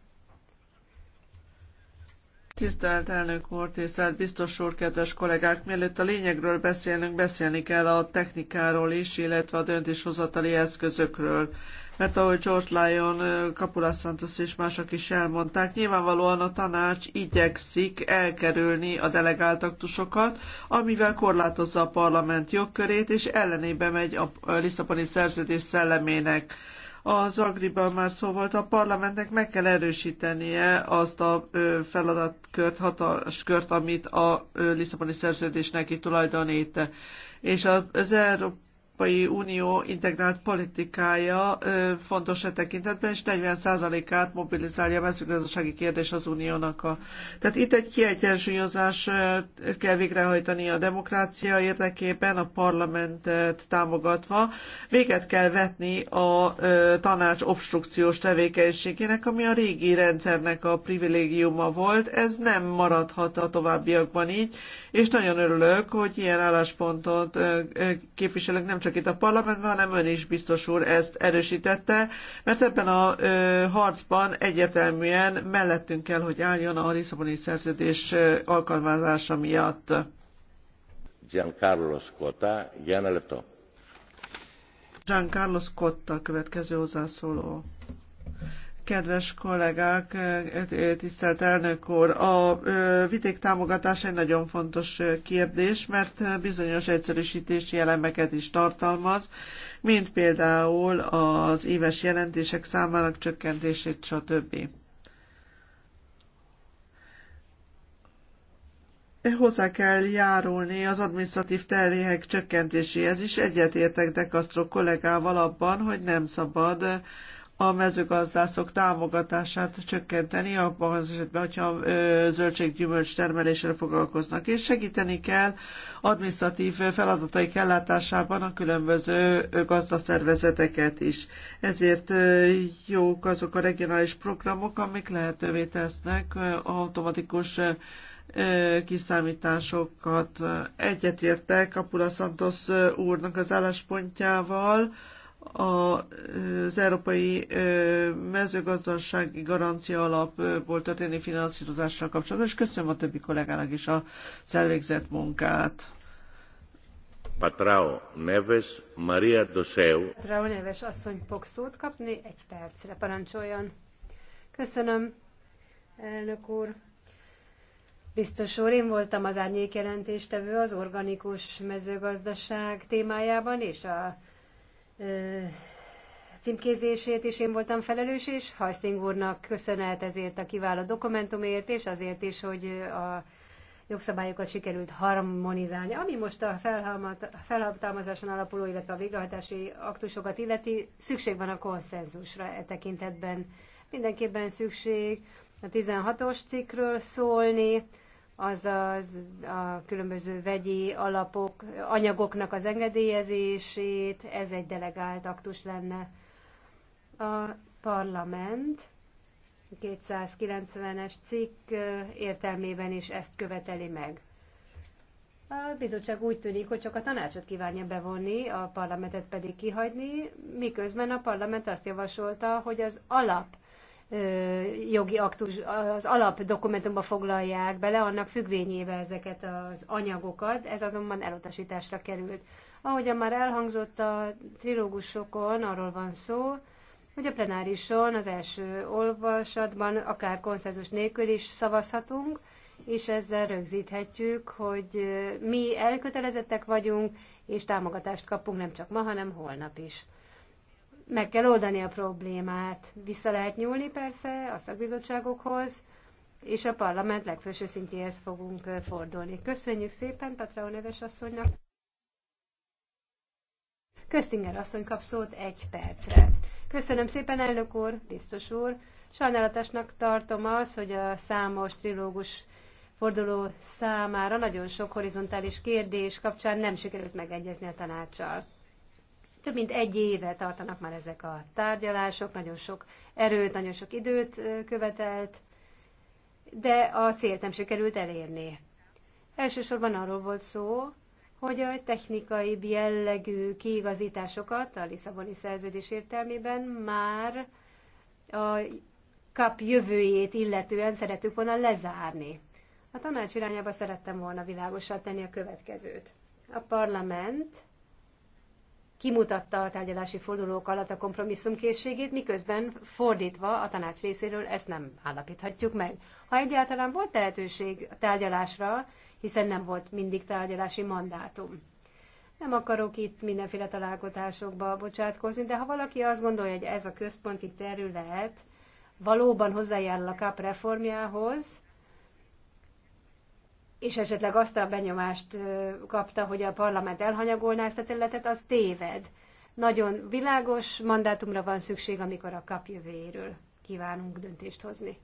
Tisztelt elnök úr, tisztelt biztos úr, kedves kollégák! Mielőtt a lényegről beszélnünk, beszélni kell a technikáról is, illetve a döntéshozatali eszközökről. Mert ahogy George Lyon, Capulas Santos és mások is elmondták, nyilvánvalóan a tanács igyekszik elkerülni a delegált aktusokat, amivel korlátozza a parlament jogkörét, és ellenébe megy a Lisszaboni szerződés szellemének az Agriban már szó volt, a parlamentnek meg kell erősítenie azt a feladatkört, hatáskört, amit a Lisszaboni szerződés neki tulajdonít. És az Európai Európai Unió integrált politikája fontos e tekintetben, és 40%-át mobilizálja a mezőgazdasági kérdés az uniónak. A... Tehát itt egy kiegyensúlyozás kell végrehajtani a demokrácia érdekében, a parlamentet támogatva. Véget kell vetni a tanács obstrukciós tevékenységének, ami a régi rendszernek a privilégiuma volt. Ez nem maradhat a továbbiakban így, és nagyon örülök, hogy ilyen álláspontot képviselek nem csak csak itt a parlamentben, hanem ön is biztos úr ezt erősítette, mert ebben a ö, harcban egyértelműen mellettünk kell, hogy álljon a Lisszaboni szerződés alkalmazása miatt. Giancarlo Scotta, Gianna Giancarlo Scotta következő hozzászóló. Kedves kollégák, tisztelt elnök úr, a vidék támogatás egy nagyon fontos kérdés, mert bizonyos egyszerűsítési elemeket is tartalmaz, mint például az éves jelentések számának csökkentését, stb. hozzá kell járulni az administratív terhek csökkentéséhez is. Egyetértek De Castro kollégával abban, hogy nem szabad a mezőgazdászok támogatását csökkenteni, abban az esetben, hogyha zöldséggyümölcs termeléssel foglalkoznak, és segíteni kell administratív feladataik ellátásában a különböző gazdaszervezeteket is. Ezért jók azok a regionális programok, amik lehetővé tesznek automatikus kiszámításokat. Egyetértek Pula Santos úrnak az álláspontjával, az Európai Mezőgazdasági Garancia Alapból történő finanszírozással kapcsolatban, és köszönöm a többi kollégának is a szervégzett munkát. Patrao Neves, Maria Doseu. Patrao Neves asszony fog szót kapni, egy percre parancsoljon. Köszönöm, elnök úr. Biztos úr, én voltam az árnyék jelentéstevő az organikus mezőgazdaság témájában, és a címkézését is én voltam felelős, és Hajszing úrnak köszönhet ezért a kiváló dokumentumért, és azért is, hogy a jogszabályokat sikerült harmonizálni. Ami most a felhatalmazáson alapuló, illetve a végrehajtási aktusokat illeti, szükség van a konszenzusra e tekintetben. Mindenképpen szükség a 16-os cikkről szólni, azaz a különböző vegyi alapok, anyagoknak az engedélyezését, ez egy delegált aktus lenne. A parlament 290-es cikk értelmében is ezt követeli meg. A bizottság úgy tűnik, hogy csak a tanácsot kívánja bevonni, a parlamentet pedig kihagyni, miközben a parlament azt javasolta, hogy az alap jogi aktus, az alapdokumentumba foglalják bele, annak függvényébe ezeket az anyagokat, ez azonban elutasításra került. Ahogyan már elhangzott a trilógusokon, arról van szó, hogy a plenárison az első olvasatban akár konszenzus nélkül is szavazhatunk, és ezzel rögzíthetjük, hogy mi elkötelezettek vagyunk, és támogatást kapunk nem csak ma, hanem holnap is meg kell oldani a problémát. Vissza lehet nyúlni persze a szakbizottságokhoz, és a parlament legfőső szintjéhez fogunk fordulni. Köszönjük szépen Petra neves asszonynak. Köztinger asszony kap szót egy percre. Köszönöm szépen, elnök úr, biztos úr. Sajnálatosnak tartom az, hogy a számos trilógus forduló számára nagyon sok horizontális kérdés kapcsán nem sikerült megegyezni a tanácssal. Több mint egy éve tartanak már ezek a tárgyalások, nagyon sok erőt, nagyon sok időt követelt, de a célt nem sikerült elérni. Elsősorban arról volt szó, hogy a technikai jellegű kiigazításokat a Lisszaboni szerződés értelmében már a kap jövőjét illetően szerettük volna lezárni. A tanács irányába szerettem volna világosan tenni a következőt. A parlament kimutatta a tárgyalási fordulók alatt a kompromisszumkészségét, miközben fordítva a tanács részéről ezt nem állapíthatjuk meg. Ha egyáltalán volt lehetőség a tárgyalásra, hiszen nem volt mindig tárgyalási mandátum. Nem akarok itt mindenféle találkozásokba bocsátkozni, de ha valaki azt gondolja, hogy ez a központi terület valóban hozzájárul a KAP reformjához, és esetleg azt a benyomást kapta, hogy a parlament elhanyagolná ezt a területet, az téved. Nagyon világos mandátumra van szükség, amikor a kap jövőjéről kívánunk döntést hozni.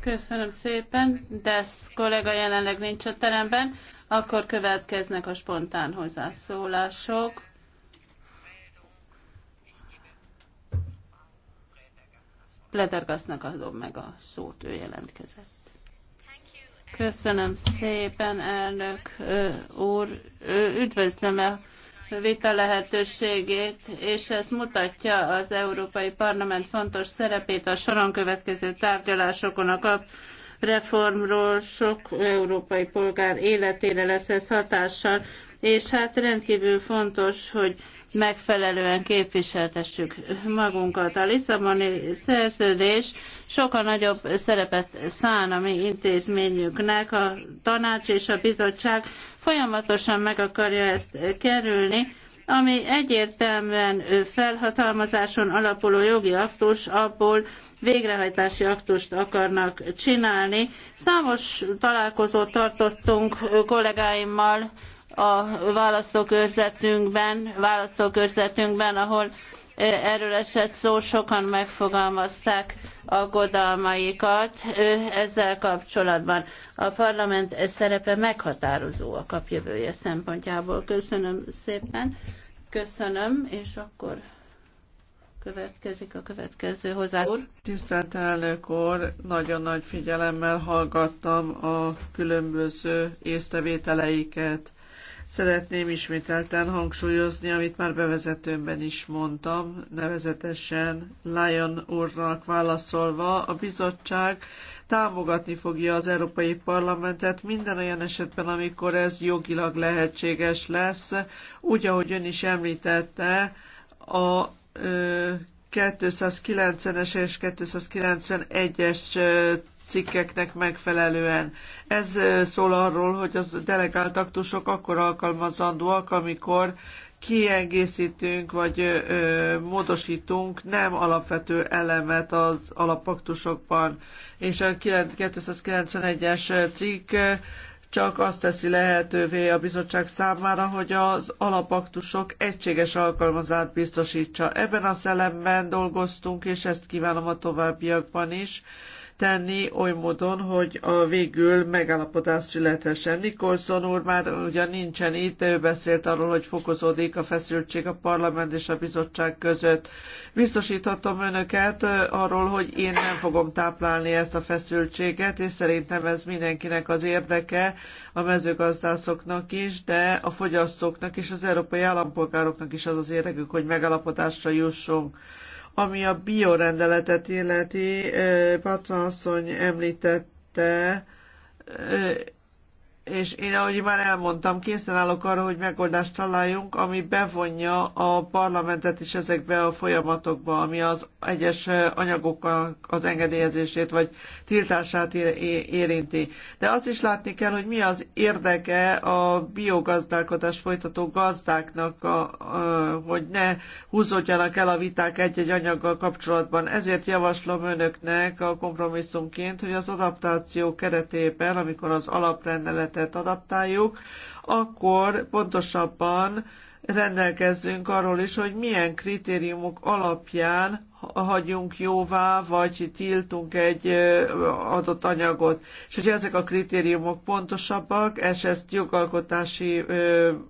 Köszönöm szépen. De kollega jelenleg nincs a teremben. Akkor következnek a spontán hozzászólások. Ledergasznak adom meg a szót, ő jelentkezett. Köszönöm szépen, elnök úr. Üdvözlöm a vita lehetőségét, és ez mutatja az Európai Parlament fontos szerepét a soron következő tárgyalásokon a kap reformról sok európai polgár életére lesz ez hatással, és hát rendkívül fontos, hogy megfelelően képviseltessük magunkat. A Lisszaboni szerződés sokkal nagyobb szerepet szán a mi intézményünknek. A tanács és a bizottság folyamatosan meg akarja ezt kerülni, ami egyértelműen felhatalmazáson alapuló jogi aktus, abból végrehajtási aktust akarnak csinálni. Számos találkozót tartottunk kollégáimmal a választókörzetünkben, választókörzetünkben, ahol erről esett szó, sokan megfogalmazták aggodalmaikat ezzel kapcsolatban. A parlament szerepe meghatározó a kap jövője szempontjából. Köszönöm szépen. Köszönöm, és akkor Következik a következő hozzá. Úr. Tisztelt elnök úr, nagyon nagy figyelemmel hallgattam a különböző észrevételeiket. Szeretném ismételten hangsúlyozni, amit már bevezetőmben is mondtam, nevezetesen Lyon úrnak válaszolva, a bizottság támogatni fogja az Európai Parlamentet minden olyan esetben, amikor ez jogilag lehetséges lesz, úgy, ahogy ön is említette, a 290-es és 291-es cikkeknek megfelelően. Ez szól arról, hogy az delegált aktusok akkor alkalmazandóak, amikor kiegészítünk vagy ö, módosítunk nem alapvető elemet az alapaktusokban. És a 291-es cikk csak azt teszi lehetővé a bizottság számára, hogy az alapaktusok egységes alkalmazát biztosítsa. Ebben a szellemben dolgoztunk, és ezt kívánom a továbbiakban is tenni oly módon, hogy a végül megállapodás születhessen. Nikolson úr már ugyan nincsen itt, ő beszélt arról, hogy fokozódik a feszültség a parlament és a bizottság között. Biztosíthatom önöket arról, hogy én nem fogom táplálni ezt a feszültséget, és szerintem ez mindenkinek az érdeke, a mezőgazdászoknak is, de a fogyasztóknak és az európai állampolgároknak is az az érdekük, hogy megállapodásra jussunk ami a biorendeletet illeti, eh, asszony említette, eh, és én, ahogy már elmondtam, készen állok arra, hogy megoldást találjunk, ami bevonja a parlamentet is ezekbe a folyamatokba, ami az egyes anyagoknak az engedélyezését vagy tiltását érinti. De azt is látni kell, hogy mi az érdeke a biogazdálkodás folytató gazdáknak, a, a, hogy ne húzódjanak el a viták egy-egy anyaggal kapcsolatban. Ezért javaslom önöknek a kompromisszumként, hogy az adaptáció keretében, amikor az alaprendelet helyzetet adaptáljuk, akkor pontosabban rendelkezzünk arról is, hogy milyen kritériumok alapján hagyunk jóvá, vagy tiltunk egy adott anyagot. És hogyha ezek a kritériumok pontosabbak, és ezt jogalkotási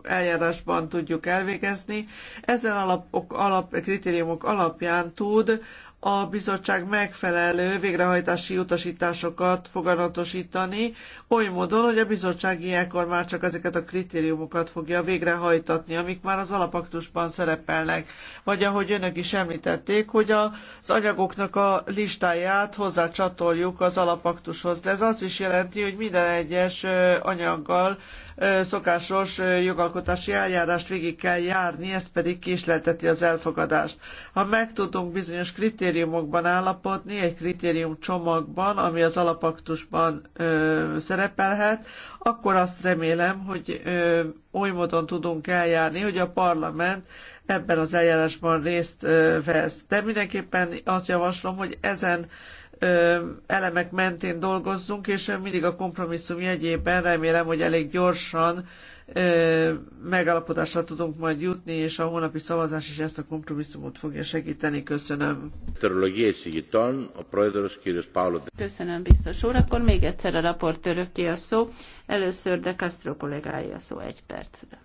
eljárásban tudjuk elvégezni, ezen alap, alap, kritériumok alapján tud a bizottság megfelelő végrehajtási utasításokat foganatosítani, oly módon, hogy a bizottság ilyenkor már csak ezeket a kritériumokat fogja végrehajtatni, amik már az alapaktusban szerepelnek. Vagy ahogy önök is említették, hogy az anyagoknak a listáját hozzácsatoljuk az alapaktushoz. De ez azt is jelenti, hogy minden egyes anyaggal szokásos jogalkotási eljárást végig kell járni, ez pedig késlelteti az elfogadást. Ha megtudunk bizonyos kritériumokat, kritériumokban állapodni, egy kritérium csomagban, ami az alapaktusban ö, szerepelhet, akkor azt remélem, hogy ö, oly módon tudunk eljárni, hogy a parlament ebben az eljárásban részt ö, vesz. De mindenképpen azt javaslom, hogy ezen ö, elemek mentén dolgozzunk, és mindig a kompromisszum jegyében remélem, hogy elég gyorsan megállapodásra tudunk majd jutni, és a holnapi szavazás is ezt a kompromisszumot fogja segíteni. Köszönöm. Köszönöm, biztos úr. Akkor még egyszer a ki a szó. Először de Castro kollégái a szó egy percre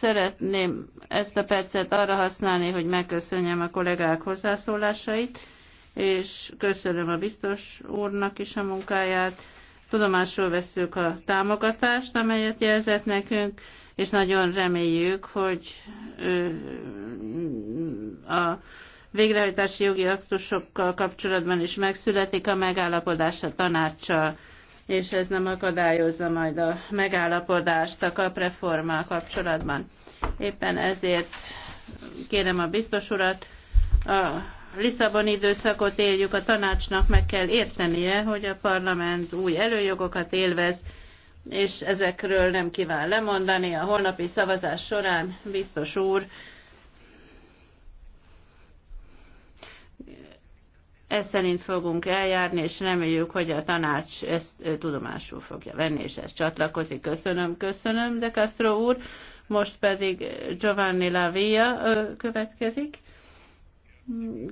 szeretném ezt a percet arra használni, hogy megköszönjem a kollégák hozzászólásait, és köszönöm a biztos úrnak is a munkáját, tudomásul veszük a támogatást, amelyet jelzett nekünk, és nagyon reméljük, hogy a végrehajtási jogi aktusokkal kapcsolatban is megszületik a megállapodás a tanácssal, és ez nem akadályozza majd a megállapodást a kapreformmal kapcsolatban. Éppen ezért kérem a biztos urat, a Lisszaboni időszakot éljük, a tanácsnak meg kell értenie, hogy a parlament új előjogokat élvez, és ezekről nem kíván lemondani. A holnapi szavazás során biztos úr ez szerint fogunk eljárni, és reméljük, hogy a tanács ezt tudomásul fogja venni, és ezt csatlakozik. Köszönöm, köszönöm, de Castro úr. Most pedig Giovanni Lavia következik.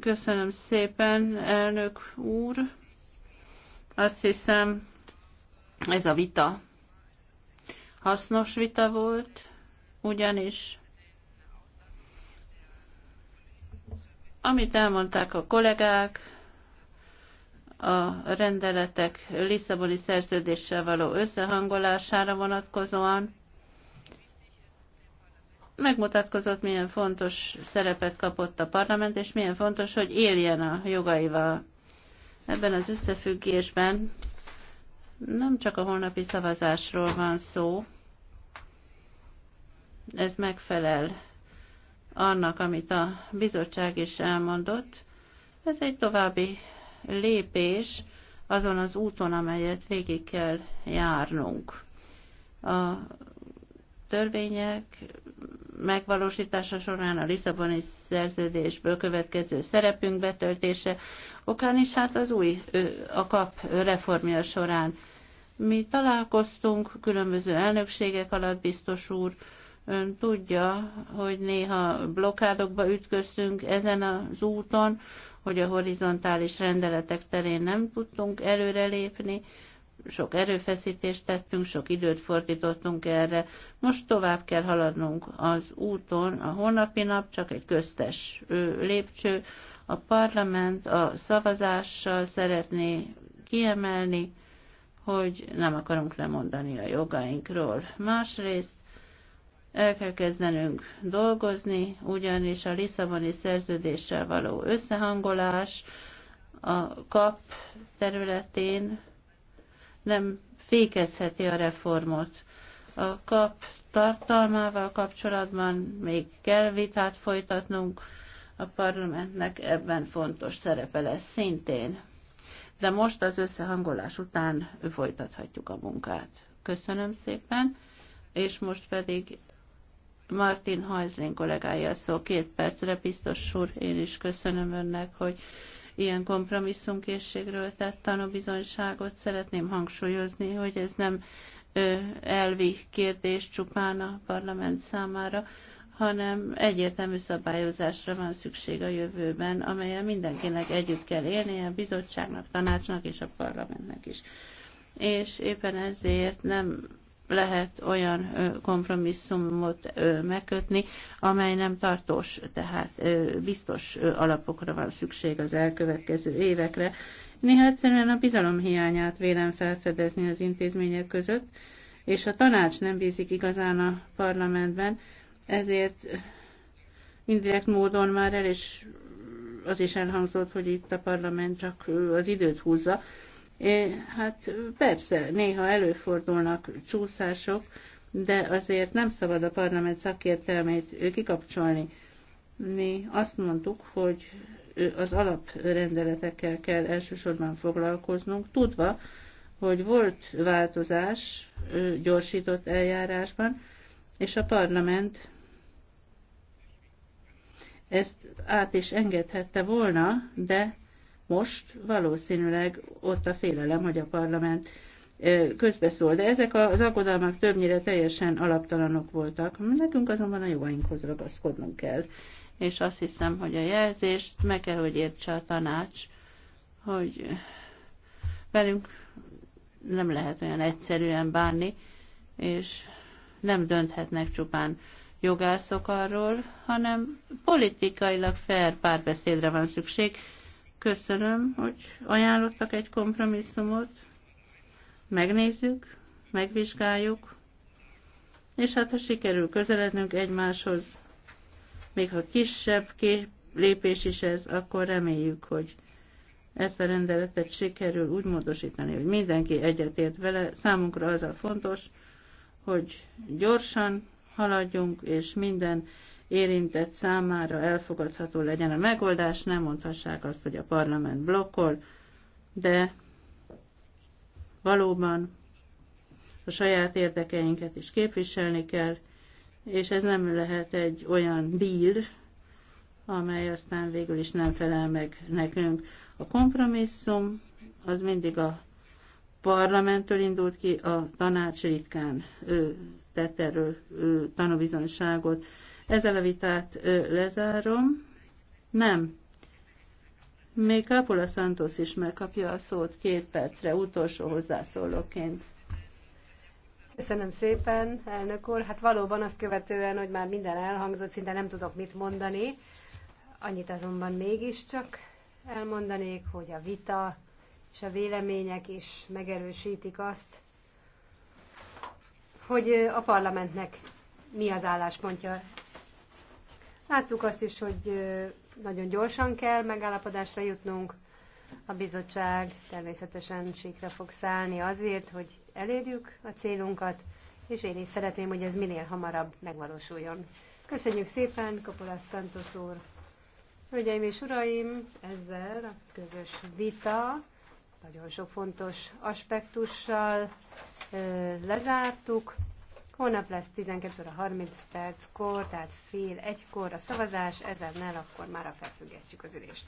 Köszönöm szépen, elnök úr. Azt hiszem, ez a vita hasznos vita volt, ugyanis amit elmondták a kollégák, a rendeletek Lisszaboni szerződéssel való összehangolására vonatkozóan, megmutatkozott, milyen fontos szerepet kapott a parlament, és milyen fontos, hogy éljen a jogaival. Ebben az összefüggésben nem csak a holnapi szavazásról van szó, ez megfelel annak, amit a bizottság is elmondott. Ez egy további lépés azon az úton, amelyet végig kell járnunk. A törvények megvalósítása során a Lisszaboni szerződésből következő szerepünk betöltése okán is hát az új a kap reformja során. Mi találkoztunk különböző elnökségek alatt, biztos úr, ön tudja, hogy néha blokádokba ütköztünk ezen az úton, hogy a horizontális rendeletek terén nem tudtunk előrelépni, sok erőfeszítést tettünk, sok időt fordítottunk erre. Most tovább kell haladnunk az úton. A holnapi nap csak egy köztes lépcső. A parlament a szavazással szeretné kiemelni, hogy nem akarunk lemondani a jogainkról. Másrészt el kell kezdenünk dolgozni, ugyanis a Lisszaboni szerződéssel való összehangolás a kap területén nem fékezheti a reformot. A kap tartalmával kapcsolatban még kell vitát folytatnunk, a parlamentnek ebben fontos szerepe lesz szintén. De most az összehangolás után folytathatjuk a munkát. Köszönöm szépen, és most pedig Martin Hajzlén kollégája szó két percre, biztos úr, én is köszönöm önnek, hogy ilyen kompromisszumkészségről tett tanúbizonyságot. Szeretném hangsúlyozni, hogy ez nem elvi kérdés csupán a parlament számára, hanem egyértelmű szabályozásra van szükség a jövőben, amelyen mindenkinek együtt kell élnie, a bizottságnak, tanácsnak és a parlamentnek is. És éppen ezért nem lehet olyan kompromisszumot megkötni, amely nem tartós, tehát biztos alapokra van szükség az elkövetkező évekre. Néha egyszerűen a bizalom hiányát vélem felfedezni az intézmények között, és a tanács nem bízik igazán a parlamentben, ezért indirekt módon már el is az is elhangzott, hogy itt a parlament csak az időt húzza, É, hát persze, néha előfordulnak csúszások, de azért nem szabad a parlament szakértelmét kikapcsolni. Mi azt mondtuk, hogy az alaprendeletekkel kell elsősorban foglalkoznunk, tudva, hogy volt változás gyorsított eljárásban, és a parlament ezt át is engedhette volna, de most valószínűleg ott a félelem, hogy a parlament közbeszól, de ezek az aggodalmak többnyire teljesen alaptalanok voltak. Nekünk azonban a jogainkhoz ragaszkodnunk kell. És azt hiszem, hogy a jelzést meg kell, hogy értse a tanács, hogy velünk nem lehet olyan egyszerűen bánni, és nem dönthetnek csupán jogászok arról, hanem politikailag fair párbeszédre van szükség, Köszönöm, hogy ajánlottak egy kompromisszumot. Megnézzük, megvizsgáljuk, és hát ha sikerül közelednünk egymáshoz, még ha kisebb lépés is ez, akkor reméljük, hogy ezt a rendeletet sikerül úgy módosítani, hogy mindenki egyetért vele. Számunkra az a fontos, hogy gyorsan haladjunk, és minden érintett számára elfogadható legyen a megoldás, nem mondhassák azt, hogy a parlament blokkol, de valóban a saját érdekeinket is képviselni kell, és ez nem lehet egy olyan díl, amely aztán végül is nem felel meg nekünk. A kompromisszum az mindig a parlamenttől indult ki, a tanács ritkán ő tett erről tanúbizonyságot. Ezzel a vitát lezárom. Nem. Még Kápola Santos is megkapja a szót két percre, utolsó hozzászólóként. Köszönöm szépen, elnök úr. Hát valóban azt követően, hogy már minden elhangzott, szinte nem tudok mit mondani. Annyit azonban mégiscsak elmondanék, hogy a vita és a vélemények is megerősítik azt, hogy a parlamentnek mi az álláspontja Láttuk azt is, hogy nagyon gyorsan kell megállapodásra jutnunk. A bizottság természetesen síkra fog szállni azért, hogy elérjük a célunkat, és én is szeretném, hogy ez minél hamarabb megvalósuljon. Köszönjük szépen, Kopolász Szentos úr! Hölgyeim és uraim, ezzel a közös vita nagyon sok fontos aspektussal lezártuk. Holnap lesz 12 óra 30 perckor, tehát fél egykor a szavazás, ezennel akkor már a felfüggesztjük az ülést.